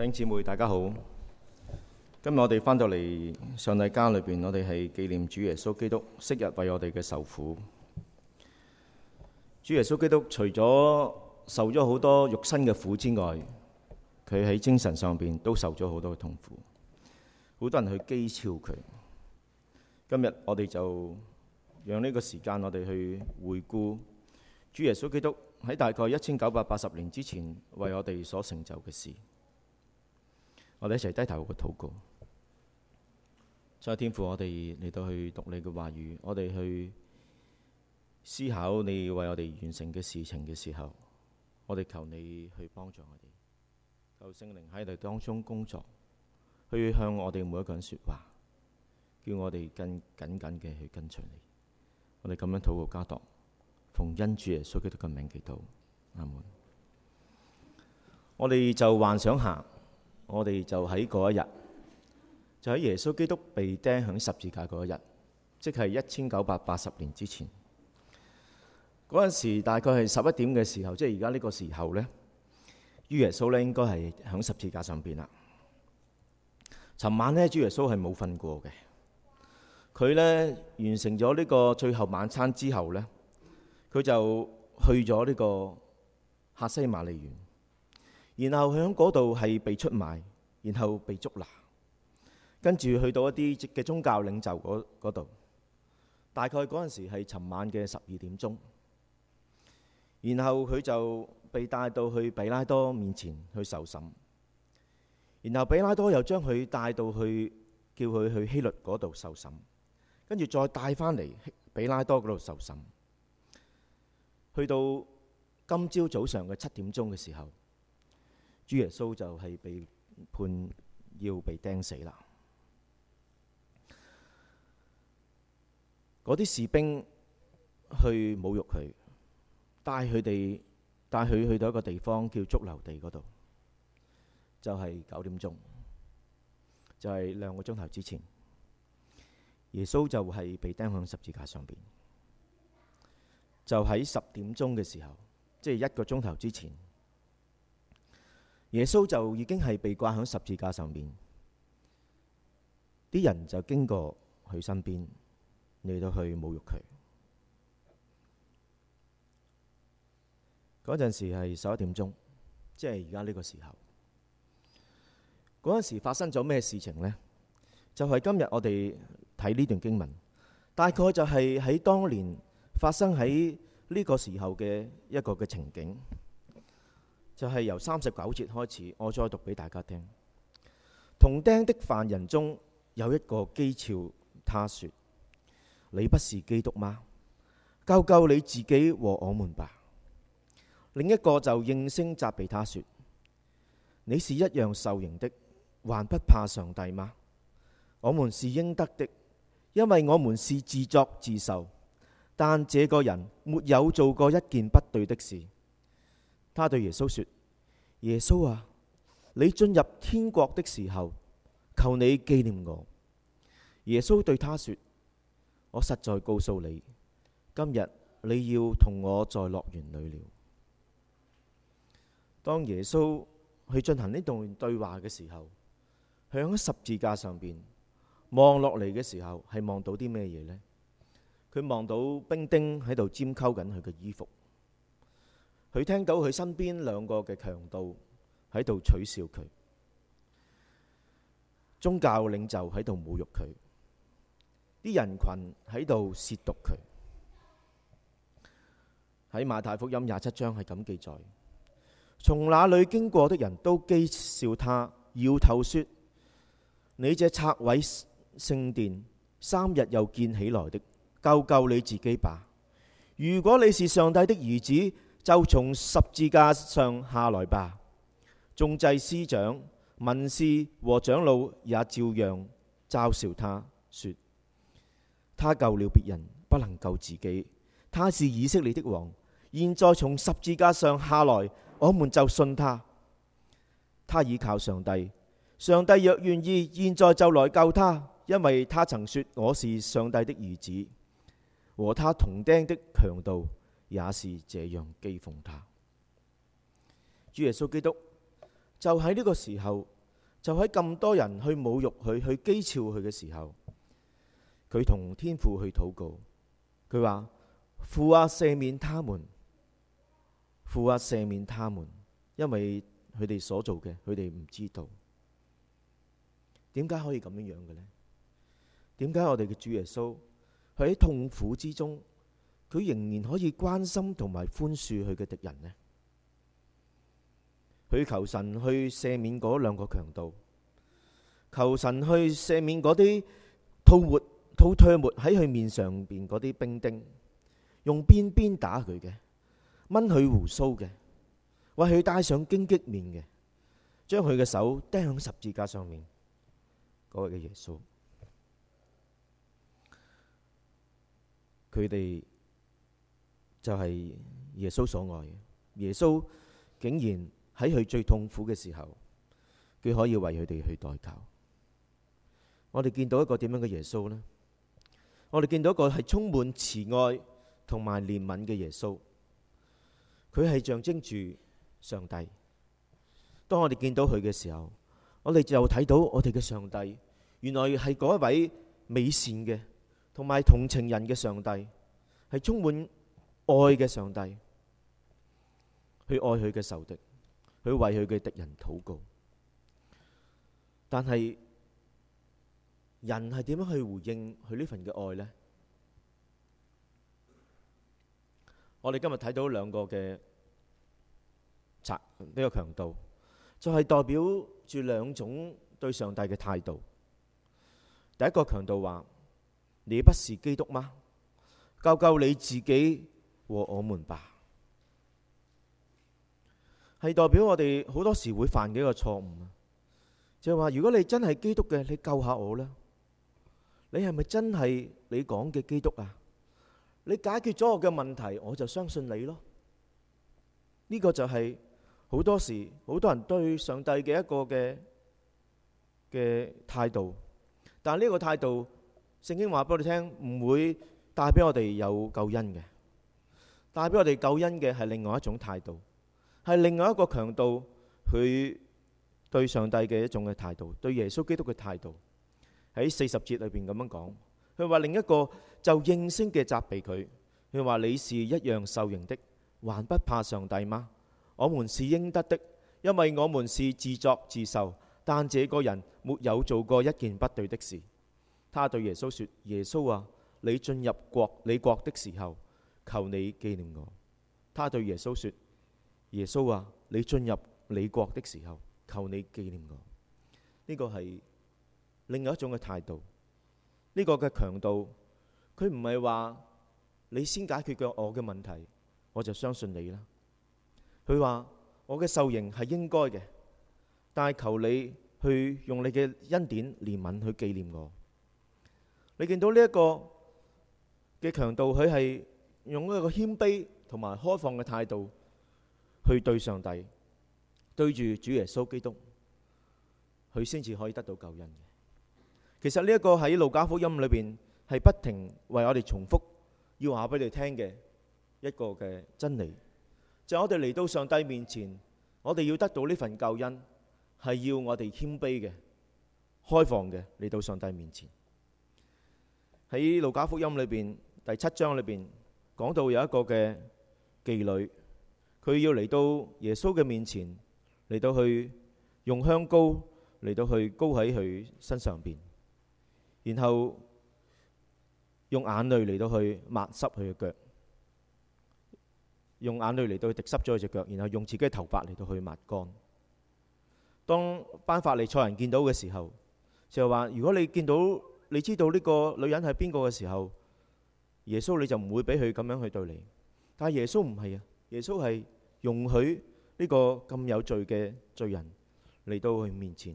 弟兄姊妹，大家好。今日我哋翻到嚟上帝家裏邊，我哋係紀念主耶穌基督昔日為我哋嘅受苦。主耶穌基督除咗受咗好多肉身嘅苦之外，佢喺精神上邊都受咗好多嘅痛苦。好多人去譏笑佢。今日我哋就讓呢個時間，我哋去回顧主耶穌基督喺大概一千九百八十年之前為我哋所成就嘅事。我哋一齊低頭嘅禱告，再有天父，我哋嚟到去讀你嘅話語，我哋去思考你為我哋完成嘅事情嘅時候，我哋求你去幫助我哋，求聖靈喺你哋當中工作，去向我哋每一個人說話，叫我哋更緊緊嘅去跟隨你。我哋咁樣禱告加禱，奉恩主耶穌基督嘅名祈禱，阿門。我哋就幻想下。我哋就喺嗰一日，就喺耶穌基督被釘喺十字架嗰一日，即係一千九百八十年之前。嗰陣時大概係十一點嘅時候，即係而家呢個時候呢，於耶穌呢應該係喺十字架上邊啦。尋晚呢，主耶穌係冇瞓過嘅。佢呢，完成咗呢個最後晚餐之後呢，佢就去咗呢個客西馬尼園。然後佢喺嗰度係被出賣，然後被捉拿，跟住去到一啲嘅宗教領袖嗰度。大概嗰陣時係尋晚嘅十二點鐘。然後佢就被帶到去比拉多面前去受審，然後比拉多又將佢帶到去叫佢去希律嗰度受審，跟住再帶翻嚟比拉多嗰度受審。去到今朝早，早上嘅七點鐘嘅時候。主耶穌就係被判要被釘死啦！嗰啲士兵去侮辱佢，帶佢哋帶佢去到一個地方叫髑髏地嗰度，就係九點鐘，就係兩個鐘頭之前，耶穌就係被釘響十字架上邊，就喺十點鐘嘅時候，即係一個鐘頭之前。耶穌就已經係被掛喺十字架上面，啲人就經過佢身邊，嚟到去侮辱佢。嗰陣時係十一點鐘，即係而家呢個時候。嗰陣時發生咗咩事情呢？就係今日我哋睇呢段經文，大概就係喺當年發生喺呢個時候嘅一個嘅情景。就係由三十九節開始，我再讀俾大家聽。同釘的犯人中有一個譏誚他說：你不是基督嗎？救救你自己和我們吧。另一個就應聲責備他說：你是一樣受刑的，還不怕上帝嗎？我們是應得的，因為我們是自作自受。但這個人沒有做過一件不對的事。他對耶穌說：耶穌啊，你進入天國的時候，求你記念我。耶穌對他說：我實在告訴你，今日你要同我在樂園裏了。當耶穌去進行呢段對話嘅時候，喺十字架上邊望落嚟嘅時候，係望到啲咩嘢呢？佢望到兵丁喺度拈鬮緊佢嘅衣服。佢聽到佢身邊兩個嘅強盜喺度取笑佢，宗教領袖喺度侮辱佢，啲人群喺度褻瀆佢。喺馬太福音廿七章係咁記載：從那裏經過的人都譏笑他，搖頭説：你這拆毀聖殿三日又建起來的，救救你自己吧！如果你是上帝的兒子，就從十字架上下來吧！眾祭司長、文士和長老也照樣嘲笑他，說：他救了別人，不能救自己。他是以色列的王，現在從十字架上下來，我們就信他。他倚靠上帝，上帝若願意，現在就來救他，因為他曾說我是上帝的兒子，和他同釘的強盜。也是這樣譏諷他。主耶穌基督就喺呢個時候，就喺咁多人去侮辱佢、去譏笑佢嘅時候，佢同天父去禱告，佢話：父啊，赦免他們，父啊，赦免他們，因為佢哋所做嘅，佢哋唔知道。點解可以咁樣樣嘅呢？點解我哋嘅主耶穌喺痛苦之中？佢仍然可以關心同埋寬恕佢嘅敵人呢？佢求神去赦免嗰兩個強盜，求神去赦免嗰啲吐沫、吐唾沫喺佢面上邊嗰啲兵丁，用鞭鞭打佢嘅，掹佢鬍鬚嘅，為佢戴上荊棘冕嘅，將佢嘅手釘喺十字架上面。嗰位嘅耶穌，佢哋。就係耶穌所愛，耶穌竟然喺佢最痛苦嘅時候，佢可以為佢哋去代求。我哋見到一個點樣嘅耶穌呢？我哋見到一個係充滿慈愛同埋憐憫嘅耶穌，佢係象徵住上帝。當我哋見到佢嘅時候，我哋就睇到我哋嘅上帝，原來係嗰一位美善嘅同埋同情人嘅上帝，係充滿。愛嘅上帝，去愛佢嘅仇敵，去為佢嘅敵人禱告。但係人係點樣去回應佢呢份嘅愛呢？我哋今日睇到兩個嘅賊呢個強盜，就係、是、代表住兩種對上帝嘅態度。第一個強盜話：你不是基督嗎？救救你自己！和我們吧，係代表我哋好多時會犯幾個錯誤，就係話如果你真係基督嘅，你救下我啦！你係咪真係你講嘅基督啊？你解決咗我嘅問題，我就相信你咯。呢個就係好多時好多人對上帝嘅一個嘅嘅態度，但係呢個態度，聖經話俾我哋聽，唔會帶俾我哋有救恩嘅。帶俾我哋救恩嘅，係另外一種態度，係另外一個強盜，佢對上帝嘅一種嘅態度，對耶穌基督嘅態度。喺四十節裏邊咁樣講，佢話另一個就應聲嘅責備佢，佢話，你是一樣受刑的，還不怕上帝嗎？我們是應得的，因為我們是自作自受。但這個人沒有做過一件不對的事。他對耶穌說，耶穌啊，你進入國，你國的時候，求你紀念我。他對耶穌說：耶穌話、啊，你進入你國的時候，求你紀念我。呢、這個係另外一種嘅態度。呢、這個嘅強盜，佢唔係話你先解決咗我嘅問題，我就相信你啦。佢話我嘅受刑係應該嘅，但係求你去用你嘅恩典憐憫去紀念我。你見到呢一個嘅強盜，佢係。用一個謙卑同埋開放嘅態度去對上帝，對住主耶穌基督，佢先至可以得到救恩。其實呢一個喺路加福音裏邊係不停為我哋重複要話俾你哋聽嘅一個嘅真理，就係我哋嚟到上帝面前，我哋要得到呢份救恩，係要我哋謙卑嘅、開放嘅嚟到上帝面前。喺路加福音裏邊第七章裏邊。講到有一個嘅妓女，佢要嚟到耶穌嘅面前，嚟到去用香膏嚟到去膏喺佢身上邊，然後用眼淚嚟到去抹濕佢嘅腳，用眼淚嚟到去滴濕咗佢隻腳，然後用自己嘅頭髮嚟到去抹乾。當班法利賽人見到嘅時候，就話：如果你見到，你知道呢個女人係邊個嘅時候，耶穌你就唔會俾佢咁樣去對你，但係耶穌唔係啊，耶穌係容許呢個咁有罪嘅罪人嚟到佢面前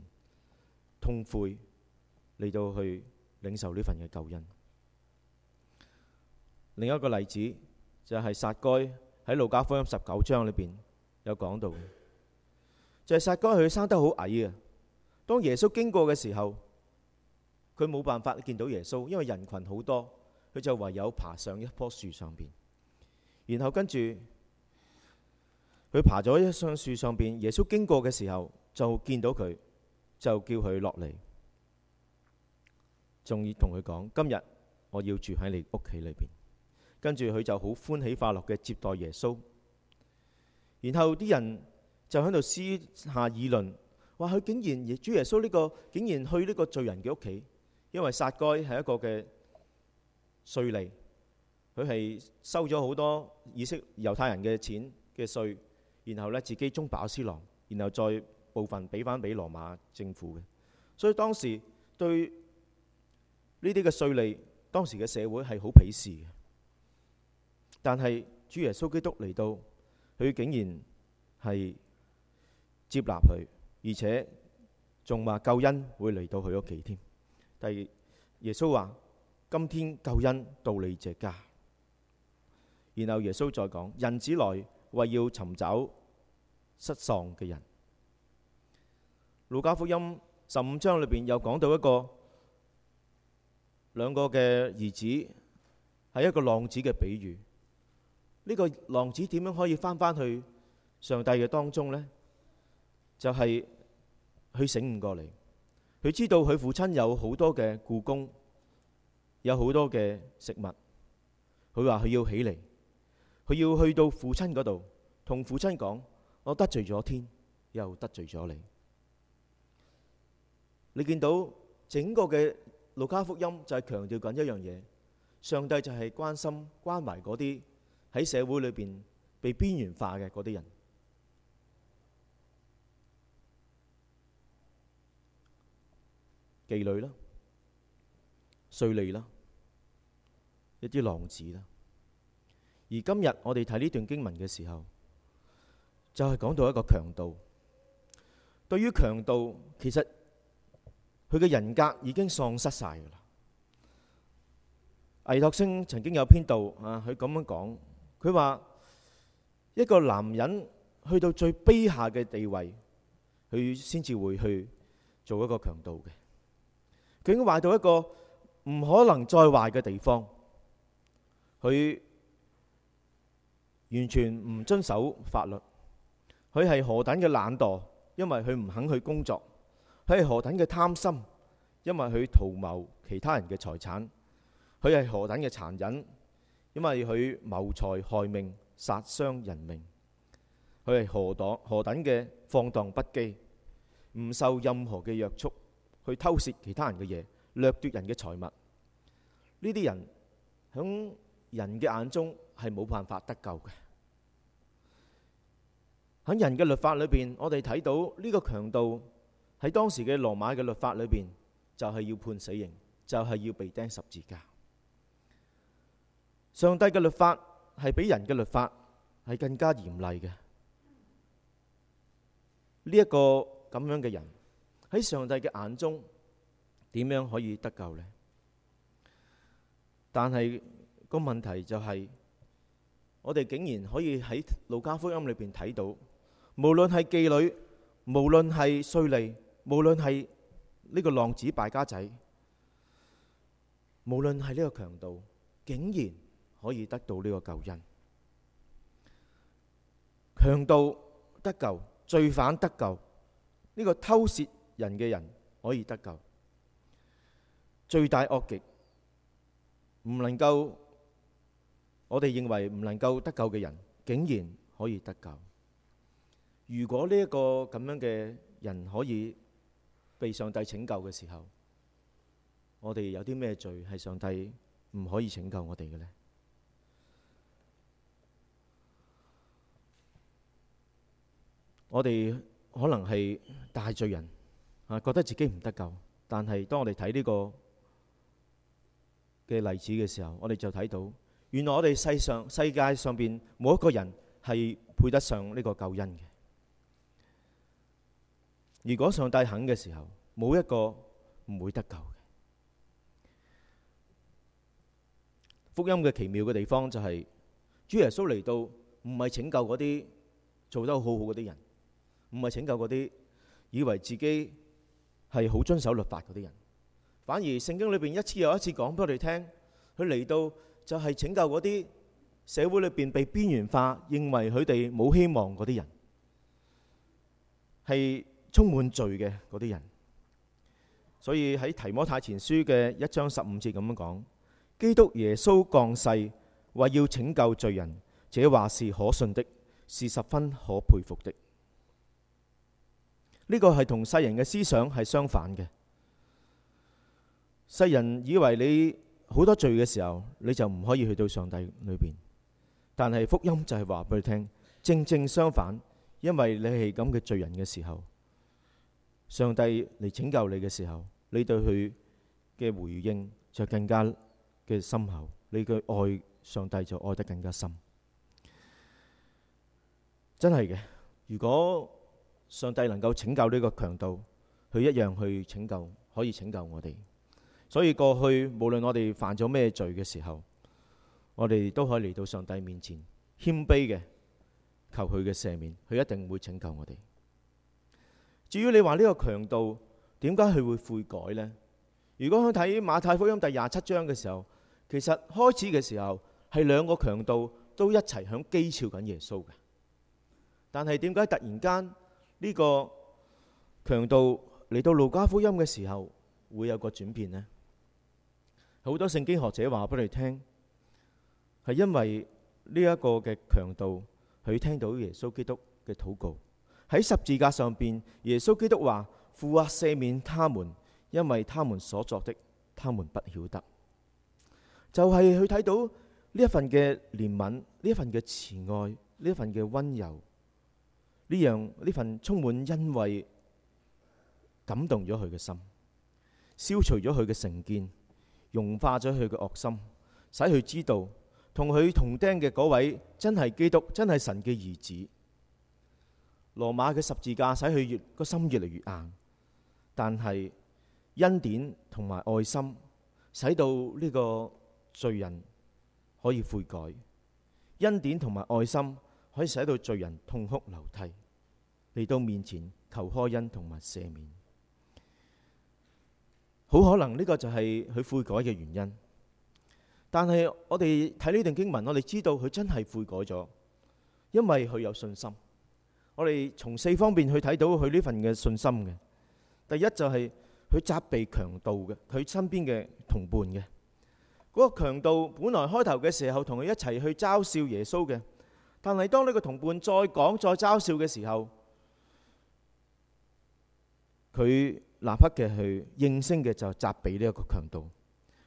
痛悔，嚟到去領受呢份嘅救恩。另一個例子就係、是、撒該喺路加福音十九章裏邊有講到，就係、是、撒該佢生得好矮啊，當耶穌經過嘅時候，佢冇辦法見到耶穌，因為人群好多。佢就唯有爬上一棵樹上邊，然後跟住佢爬咗一上樹上邊。耶穌經過嘅時候就見到佢，就叫佢落嚟，仲要同佢講：今日我要住喺你屋企裏邊。跟住佢就好歡喜快樂嘅接待耶穌。然後啲人就喺度私下議論：話佢竟然主耶穌呢個竟然去呢個罪人嘅屋企，因為撒該係一個嘅。稅吏，佢係收咗好多以色列猶太人嘅錢嘅稅，然後呢自己中飽私囊，然後再部分俾返俾羅馬政府嘅。所以當時對呢啲嘅稅吏，當時嘅社會係好鄙視嘅。但係主耶穌基督嚟到，佢竟然係接納佢，而且仲話救恩會嚟到佢屋企添。但係耶穌話。今天救恩到你這家，然後耶穌再講：人子來為要尋找失喪嘅人。路加福音十五章裏邊又講到一個兩個嘅兒子，係一個浪子嘅比喻。呢、這個浪子點樣可以翻返去上帝嘅當中呢？就係、是、佢醒悟過嚟，佢知道佢父親有好多嘅僱工。有好多嘅食物，佢話佢要起嚟，佢要去到父親嗰度，同父親講：我得罪咗天，又得罪咗你。你見到整個嘅路加福音就係強調緊一樣嘢，上帝就係關心關懷嗰啲喺社會裏邊被邊緣化嘅嗰啲人，妓女啦，稅吏啦。一啲浪子啦，而今日我哋睇呢段經文嘅時候，就係講到一個強盜。對於強盜，其實佢嘅人格已經喪失晒噶啦。艾托生曾經有篇道啊，佢咁樣講，佢話一個男人去到最卑下嘅地位，佢先至會去做一個強盜嘅。佢已經壞到一個唔可能再壞嘅地方。佢完全唔遵守法律，佢係何等嘅懶惰，因為佢唔肯去工作；佢係何等嘅貪心，因為佢圖謀其他人嘅財產；佢係何等嘅殘忍，因為佢謀財害命、殺傷人命；佢係何等何等嘅放蕩不羈，唔受任何嘅約束，去偷竊其他人嘅嘢、掠奪人嘅財物。呢啲人響人嘅眼中係冇辦法得救嘅。喺人嘅律法裏邊，我哋睇到呢個強盜。喺當時嘅羅馬嘅律法裏邊，就係、是、要判死刑，就係、是、要被釘十字架。上帝嘅律法係比人嘅律法係更加嚴厲嘅。呢、這、一個咁樣嘅人喺上帝嘅眼中，點樣可以得救呢？但係。個問題就係、是，我哋竟然可以喺《路加福音》裏邊睇到，無論係妓女，無論係稅吏，無論係呢個浪子敗家仔，無論係呢個強盜，竟然可以得到呢個救恩。強盜得救，罪犯得救，呢、這個偷竊人嘅人可以得救，罪大惡極唔能夠。我哋認為唔能夠得救嘅人，竟然可以得救。如果呢一個咁樣嘅人可以被上帝拯救嘅時候，我哋有啲咩罪係上帝唔可以拯救我哋嘅呢？我哋可能係大罪人啊，覺得自己唔得救，但係當我哋睇呢個嘅例子嘅時候，我哋就睇到。原來我哋世上世界上邊冇一個人係配得上呢個救恩嘅。如果上帝肯嘅時候，冇一個唔會得救嘅。福音嘅奇妙嘅地方就係，主耶穌嚟到唔係拯救嗰啲做得好好嗰啲人，唔係拯救嗰啲以為自己係好遵守律法嗰啲人，反而聖經裏邊一次又一次講俾我哋聽，佢嚟到。就係拯救嗰啲社會裏邊被邊緣化、認為佢哋冇希望嗰啲人，係充滿罪嘅嗰啲人。所以喺提摩太前書嘅一章十五節咁樣講：，基督耶穌降世，為要拯救罪人，這話是可信的，是十分可佩服的。呢、呢個係同世人嘅思想係相反嘅。世人以為你。好多罪嘅時候，你就唔可以去到上帝裏邊。但係福音就係話俾佢聽，正正相反，因為你係咁嘅罪人嘅時候，上帝嚟拯救你嘅時候，你對佢嘅回應就更加嘅深厚，你嘅愛上帝就愛得更加深。真係嘅，如果上帝能夠拯救呢個強盜，佢一樣去拯救，可以拯救我哋。所以過去無論我哋犯咗咩罪嘅時候，我哋都可以嚟到上帝面前，謙卑嘅求佢嘅赦免，佢一定會拯救我哋。至於你話呢個強盜，點解佢會悔改呢？如果睇馬太福音第廿七章嘅時候，其實開始嘅時候係兩個強盜都一齊響譏笑緊耶穌嘅，但係點解突然間呢個強盜嚟到路加福音嘅時候會有個轉變呢？好多聖經學者話俾你聽，係因為呢一個嘅強盜，佢聽到耶穌基督嘅禱告喺十字架上邊，耶穌基督話，父啊，赦免他們，因為他們所作的，他們不曉得。就係佢睇到呢一份嘅憐憫，呢一份嘅慈愛，呢一份嘅溫柔，呢樣呢份充滿欣慰，感動咗佢嘅心，消除咗佢嘅成見。融化咗佢嘅惡心，使佢知道同佢同釘嘅嗰位真係基督，真係神嘅兒子。羅馬嘅十字架使佢越個心越嚟越硬，但係恩典同埋愛心，使到呢個罪人可以悔改。恩典同埋愛心可以使到罪人痛哭流涕，嚟到面前求開恩同埋赦免。好可能呢個就係佢悔改嘅原因，但係我哋睇呢段經文，我哋知道佢真係悔改咗，因為佢有信心。我哋從四方面去睇到佢呢份嘅信心嘅。第一就係佢責備強盜嘅，佢身邊嘅同伴嘅。嗰個強盜本來開頭嘅時候同佢一齊去嘲笑耶穌嘅，但係當呢個同伴再講再嘲笑嘅時候，佢。立刻嘅去應聲嘅就責備呢一個強盜，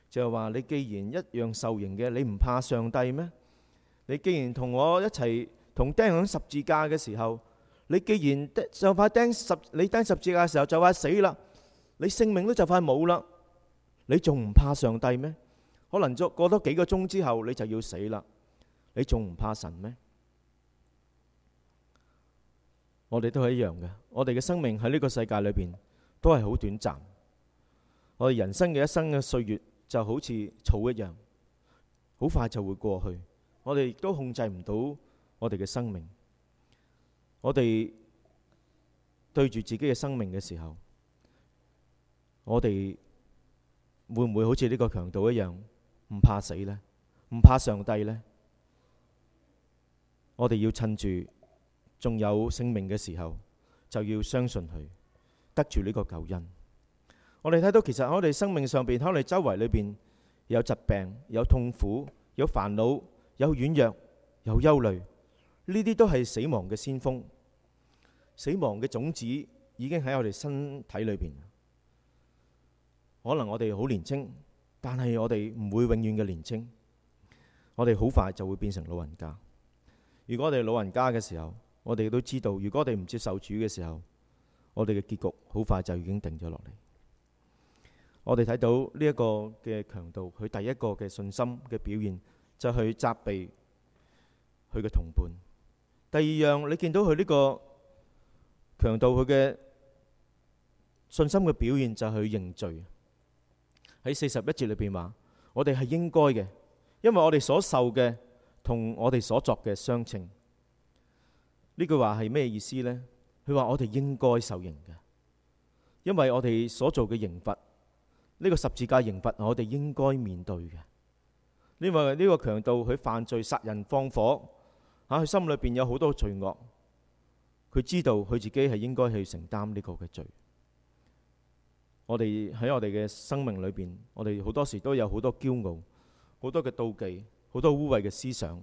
就係話，你既然一樣受刑嘅，你唔怕上帝咩？你既然同我一齊同釘喺十字架嘅時候，你既然就快釘十你釘十字架嘅時候就快死啦，你性命都就快冇啦，你仲唔怕上帝咩？可能再過多幾個鐘之後你就要死啦，你仲唔怕神咩？我哋都係一樣嘅，我哋嘅生命喺呢個世界裏邊。都係好短暫，我哋人生嘅一生嘅歲月就好似草一樣，好快就會過去。我哋亦都控制唔到我哋嘅生命。我哋對住自己嘅生命嘅時候，我哋會唔會好似呢個強盜一樣，唔怕死呢？唔怕上帝呢？我哋要趁住仲有性命嘅時候，就要相信佢。得住呢個救恩，我哋睇到其實喺我哋生命上邊，喺我哋周圍裏邊有疾病、有痛苦、有煩惱、有軟弱、有憂慮，呢啲都係死亡嘅先鋒，死亡嘅種子已經喺我哋身體裏邊。可能我哋好年輕，但係我哋唔會永遠嘅年輕，我哋好快就會變成老人家。如果我哋老人家嘅時候，我哋都知道，如果我哋唔接受主嘅時候。我哋嘅結局好快就已經定咗落嚟。我哋睇到呢一個嘅強盜，佢第一個嘅信心嘅表現就去責備佢嘅同伴。第二樣，你見到佢呢個強盜，佢嘅信心嘅表現就去認罪。喺四十一節裏邊話：我哋係應該嘅，因為我哋所受嘅同我哋所作嘅相稱。呢句話係咩意思呢？佢話：我哋應該受刑嘅，因為我哋所做嘅刑罰，呢個十字架刑罰，我哋應該面對嘅。因為呢個強盜，佢犯罪殺人放火嚇，佢心裏邊有好多罪惡，佢知道佢自己係應該去承擔呢個嘅罪。我哋喺我哋嘅生命裏邊，我哋好多時都有好多驕傲，好多嘅妒忌，好多污穢嘅思想，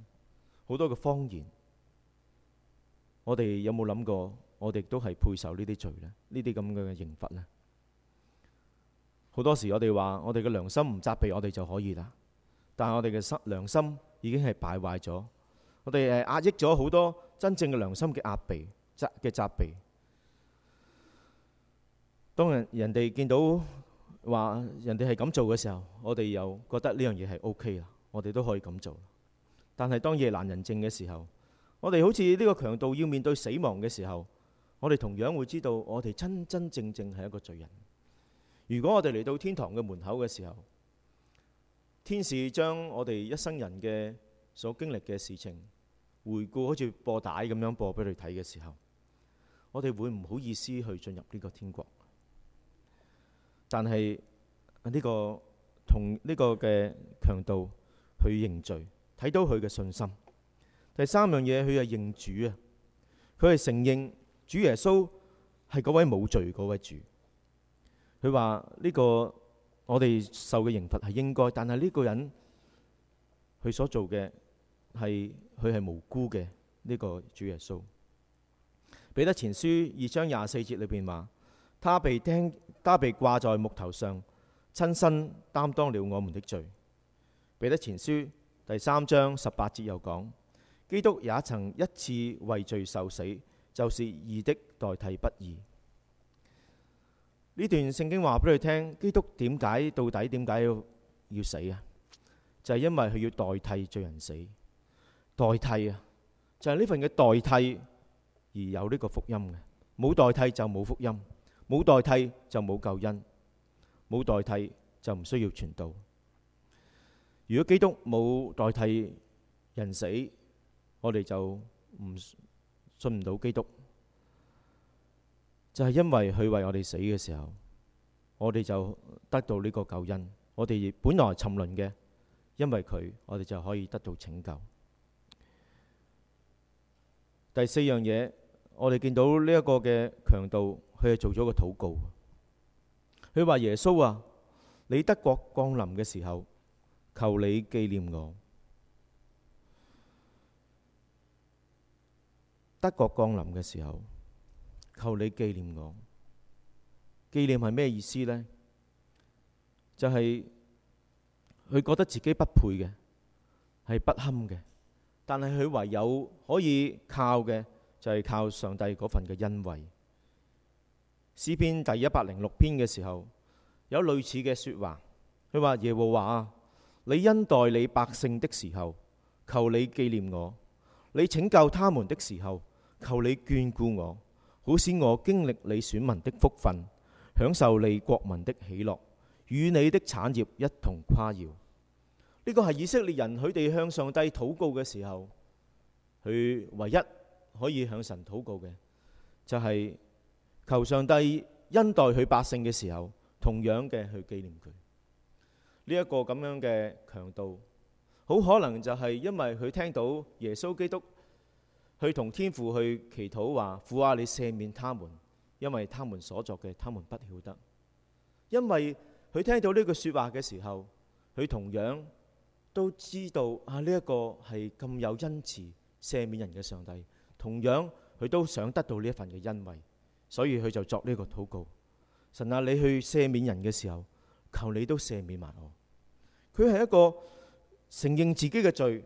好多嘅謊言。我哋有冇諗過？我哋都係配受呢啲罪咧，呢啲咁嘅刑罰咧。好多時，我哋話我哋嘅良心唔責備我哋就可以啦，但係我哋嘅心良心已經係敗壞咗，我哋係壓抑咗好多真正嘅良心嘅壓迫，責嘅責備。當人人哋見到話人哋係咁做嘅時候，我哋又覺得呢樣嘢係 OK 啦，我哋都可以咁做。但係當夜闌人靜嘅時候，我哋好似呢個強盜要面對死亡嘅時候。我哋同樣會知道，我哋真真正正係一個罪人。如果我哋嚟到天堂嘅門口嘅時候，天使將我哋一生人嘅所經歷嘅事情回顧，好似播帶咁樣播俾佢睇嘅時候，我哋會唔好意思去進入呢個天國。但係呢個同呢個嘅強盜去認罪，睇到佢嘅信心。第三樣嘢，佢係認主啊，佢係承認。主耶穌係嗰位冇罪嗰位主。佢話呢個我哋受嘅刑罰係應該，但係呢個人佢所做嘅係佢係無辜嘅呢個主耶穌。彼得前書二章廿四節裏邊話，他被聽，他被掛在木頭上，親身擔當了我們的罪。彼得前書第三章十八節又講，基督也曾一次為罪受死，就是義的代替不義。呢段聖經話俾你聽，基督點解到底點解要要死啊？就係因為佢要代替罪人死。代替啊，就係呢份嘅代替而有呢個福音嘅。冇代替就冇福音，冇代替就冇救恩，冇代替就唔需要傳道。如果基督冇代替人死，我哋就唔信唔到基督，就係因為佢為我哋死嘅時候，我哋就得到呢個救恩。我哋亦本來沉淪嘅，因為佢，我哋就可以得到拯救。第四樣嘢，我哋見到呢一個嘅強盜，佢係做咗個禱告。佢話，耶穌啊，你得國降臨嘅時候，求你紀念我。德國降臨嘅時候，求你紀念我。紀念係咩意思呢？就係、是、佢覺得自己不配嘅，係不堪嘅。但係佢唯有可以靠嘅就係、是、靠上帝嗰份嘅恩惠。詩篇第一百零六篇嘅時候，有類似嘅說話。佢話耶和華啊，你恩待你百姓的時候，求你紀念我。你拯救他們的時候。求你眷顧我，好使我經歷你選民的福分，享受你國民的喜樂，與你的產業一同誇耀。呢、這個係以色列人佢哋向上帝禱告嘅時候，佢唯一可以向神禱告嘅，就係、是、求上帝恩待佢百姓嘅時候，同樣嘅去紀念佢。呢、這、一個咁樣嘅強盜，好可能就係因為佢聽到耶穌基督。佢同天父去祈禱話：父啊，你赦免他們，因為他們所作嘅，他們不曉得。因為佢聽到呢句說話嘅時候，佢同樣都知道啊，呢一個係咁有恩慈赦免人嘅上帝。同樣佢都想得到呢一份嘅恩惠，所以佢就作呢個禱告：神啊，你去赦免人嘅時候，求你都赦免埋我。佢係一個承認自己嘅罪。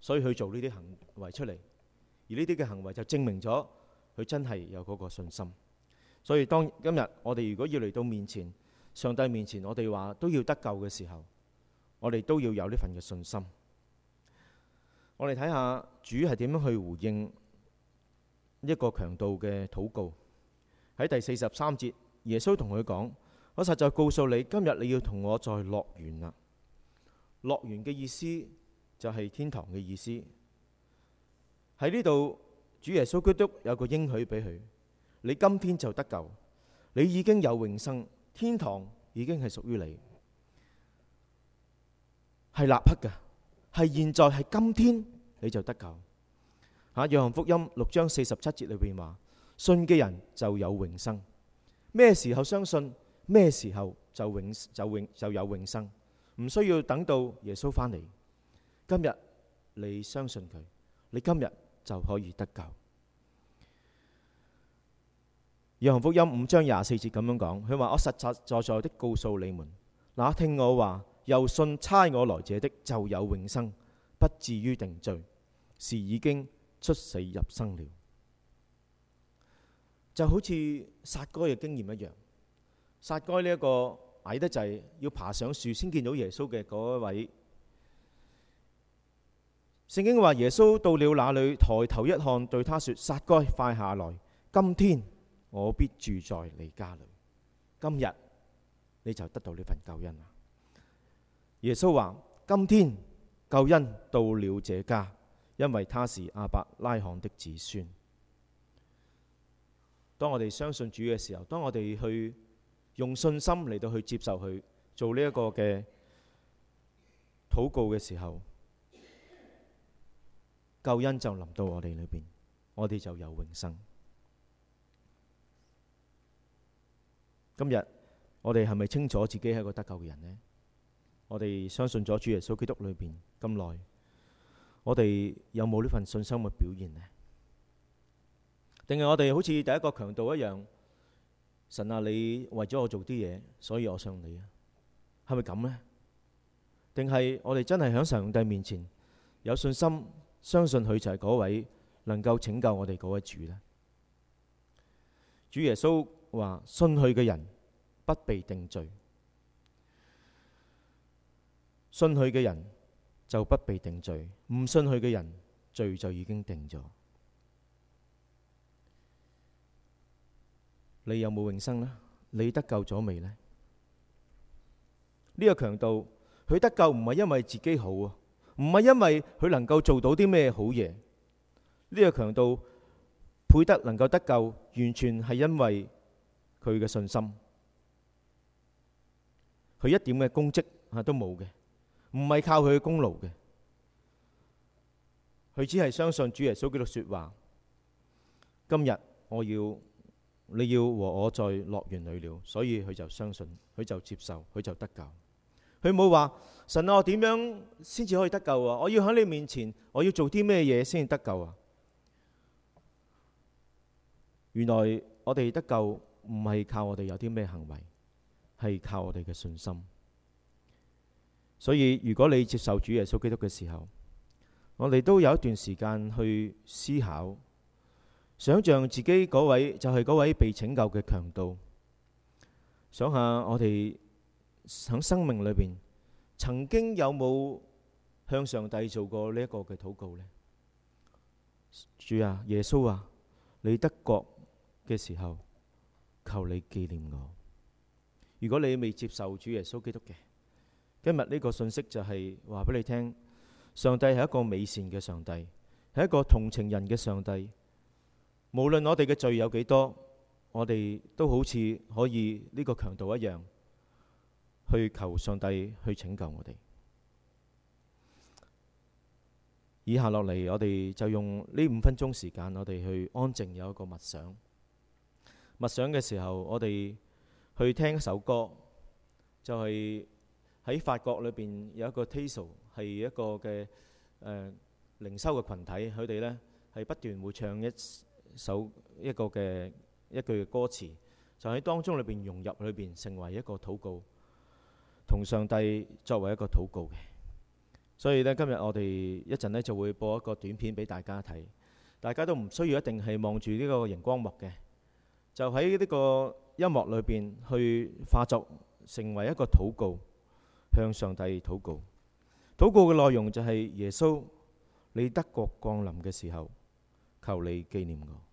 所以去做呢啲行為出嚟，而呢啲嘅行為就證明咗佢真係有嗰個信心。所以當今日我哋如果要嚟到面前、上帝面前，我哋話都要得救嘅時候，我哋都要有呢份嘅信心。我哋睇下主係點樣去回應一個強盜嘅禱告。喺第四十三節，耶穌同佢講：我實在告訴你，今日你要同我在樂園啦。樂園嘅意思。就係天堂嘅意思。喺呢度，主耶穌基督有個應許俾佢，你今天就得救，你已經有永生，天堂已經係屬於你，係立刻噶，係現在，係今天你就得救。吓，約翰福音六章四十七節裏邊話，信嘅人就有永生。咩時候相信，咩時候就永就永就，就有永生，唔需要等到耶穌返嚟。今日你相信佢，你今日就可以得救。《約翰福音》五章廿四節咁樣講，佢話：我實實在在的告訴你們，那聽我話又信差我來者的，就有永生，不至於定罪，是已經出死入生了。就好似撒該嘅經驗一樣，撒該呢一個矮得滯，要爬上樹先見到耶穌嘅嗰位。聖經話耶穌到了那裏，抬頭一看，對他說：撒該，快下來！今天我必住在你家裏。今日你就得到呢份救恩啦。耶穌話：今天救恩到了這家，因為他是阿伯拉罕的子孫。當我哋相信主嘅時候，當我哋去用信心嚟到去接受佢做呢一個嘅禱告嘅時候。救恩就臨到我哋裏邊，我哋就有永生。今日我哋係咪清楚自己係個得救嘅人呢？我哋相信咗主耶穌基督裏邊咁耐，我哋有冇呢份信心嘅表現呢？定係我哋好似第一個強盜一樣？神啊，你為咗我做啲嘢，所以我信你啊，係咪咁呢？定係我哋真係喺上帝面前有信心？相信佢就係嗰位能夠拯救我哋嗰位主咧。主耶穌話：信佢嘅人不被定罪，信佢嘅人就不被定罪；唔信佢嘅人罪就已經定咗。你有冇永生咧？你得救咗未呢？呢、這個強盜，佢得救唔係因為自己好啊。唔係因為佢能夠做到啲咩好嘢，呢、這個強盜配得能夠得救，完全係因為佢嘅信心。佢一點嘅功績嚇都冇嘅，唔係靠佢嘅功勞嘅，佢只係相信主耶穌嘅説話。今日我要，你要和我在樂園裏了，所以佢就相信，佢就接受，佢就得救。佢冇話神啊，我點樣先至可以得救啊？我要喺你面前，我要做啲咩嘢，先至得救啊？原來我哋得救唔係靠我哋有啲咩行為，係靠我哋嘅信心。所以如果你接受主耶穌基督嘅時候，我哋都有一段時間去思考，想象自己嗰位就係嗰位被拯救嘅強盜，想下我哋。喺生命裏邊，曾經有冇向上帝做過呢一個嘅禱告呢？主啊，耶穌啊，你得國嘅時候，求你紀念我。如果你未接受主耶穌基督嘅，今日呢個信息就係話俾你聽：上帝係一個美善嘅上帝，係一個同情人嘅上帝。無論我哋嘅罪有幾多，我哋都好似可以呢個強盜一樣。去求上帝去拯救我哋。以下落嚟，我哋就用呢五分鐘時間，我哋去安靜有一個默想。默想嘅時候，我哋去聽一首歌，就係喺法國裏邊有一個 Taizé 係一個嘅誒靈修嘅群體，佢哋呢係不斷會唱一首一個嘅一句嘅歌詞，就喺當中裏邊融入裏邊，成為一個禱告。同上帝作為一個禱告嘅，所以呢，今日我哋一陣呢就會播一個短片俾大家睇，大家都唔需要一定係望住呢個熒光幕嘅，就喺呢個音樂裏邊去化作成為一個禱告，向上帝禱告。禱告嘅內容就係耶穌，你得國降臨嘅時候，求你紀念我。